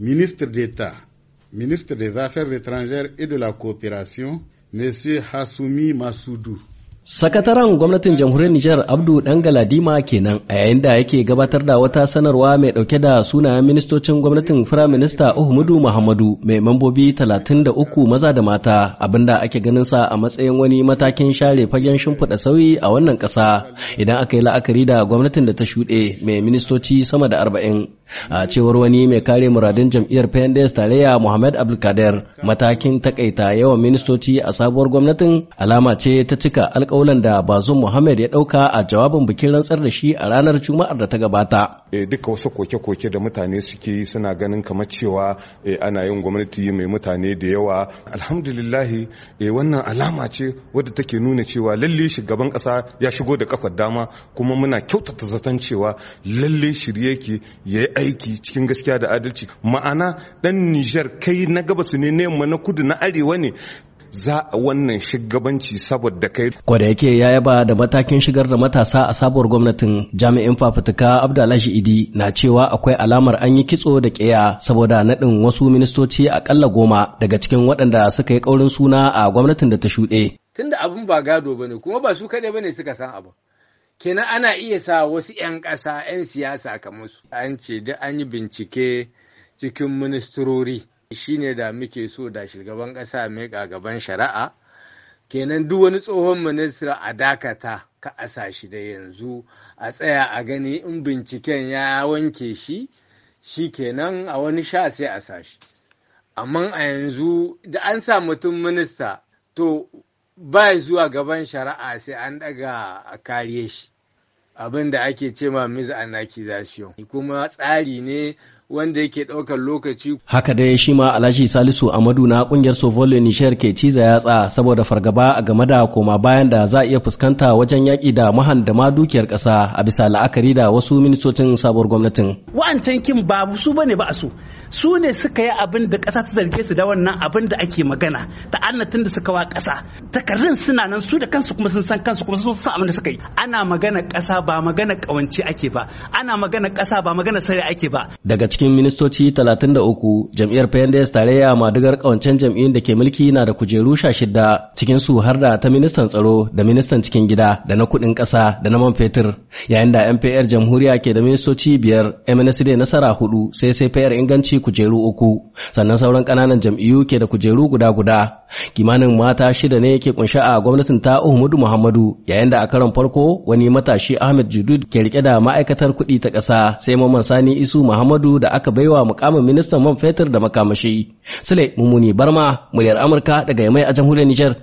ministre d'État, ministre des Affaires étrangères et de la coopération, M. Hassoumi Massoudou. Sakataren gwamnatin jamhuriyar Nijar Abdu Galadima kenan a yayin da yake gabatar da wata sanarwa mai dauke da sunayen ministocin gwamnatin Firaminista Uhumudu Muhammadu mai mambobi 33 maza da mata abinda ake ganin sa a matsayin wani matakin share fagen shimfiɗa sauyi a wannan ƙasa idan aka yi la'akari da gwamnatin da ta shuɗe mai ministoci sama da arba'in. a cewar wani mai kare muradun jam'iyyar pendes tarayya muhammad abdulkader matakin takaita yawan ministoci a sabuwar gwamnatin alama ce ta cika alkawalan da bazum muhammad ya dauka a jawabin bikin rantsar da shi a ranar juma'ar da ta gabata eh, duka wasu koke-koke da mutane suke suna ganin kamar cewa eh, ana yin gwamnati mai mutane da yawa alhamdulillahi eh, wannan alama ce wadda take nuna cewa lalle shugaban kasa ya shigo da kafar dama kuma muna kyautata zaton cewa lalle shirye yake ya aiki cikin gaskiya da adalci ma'ana dan Nijar kai na gabas ne na na kudu na arewa ne za a wannan shugabanci saboda kai. Kwada yake ya yaba da matakin shigar da matasa a sabuwar gwamnatin jami'in fafutuka Abdullahi Idi na cewa akwai alamar an yi kitso da ƙeya saboda naɗin wasu ministoci a akalla goma daga cikin waɗanda suka yi ƙaurin suna a gwamnatin da ta shuɗe. Tunda abin ba gado bane kuma ba su kaɗai bane suka san abu kenan ana iya sa wasu 'yan ƙasa 'yan siyasa kamar su an ce duk an yi bincike cikin ministrori ne da muke so da shugaban ƙasa mai gaban shari'a kenan duk wani tsohon ministra a dakata ka asa shi da yanzu a tsaya a gani in binciken ya wanke shi shi kenan a wani sha sai a sa shi amma a yanzu da an sa mutum minista to ba zuwa gaban shari'a sai an daga a shi abin da ake ce ma miss anarchization kuma tsari ne wanda yake ɗaukar lokaci. Haka dai shi ma Alhaji Salisu Amadu na kungiyar Sovolo Nishar ke ciza yatsa saboda fargaba a game da koma bayan da za a iya fuskanta wajen yaƙi da mahan da ma dukiyar ƙasa a bisa la'akari da wasu ministocin sabuwar gwamnatin. Wa'ancan kin ba su bane ba a so su ne suka yi abin da ƙasa ta zarge su da wannan abin da ake magana ta tun da suka wa ƙasa takardun suna nan su da kansu kuma sun san kansu kuma sun san abin da suka yi ana magana ƙasa ba magana ƙawance ake ba ana magana ƙasa ba magana sare ake ba daga cikin ministoci 33 jam'iyyar PNDS tarayya madugar ƙawancen jam'iyyun da ke mulki na da kujeru 16 cikin su har da ta ministan tsaro da ministan cikin gida da na kuɗin ƙasa da na man fetur yayin da MPR jamhuriya ke da ministoci biyar MNSD nasara hudu sai sai fayar inganci shi kujeru uku, sannan sauran ƙananan jam'iyyu ke da kujeru guda-guda. Kimanin mata shida ne ke kunshe a gwamnatin ta Uhumudu Muhammadu, yayin da a karon farko wani matashi Ahmed Judud ke rike da ma'aikatar kuɗi ta ƙasa sai Maman Sani Isu Muhammadu da aka baiwa mukamin ministan man fetur da makamashi. Sule Mumuni Barma, muryar Amurka daga Yamai a jamhuriyar Nijar.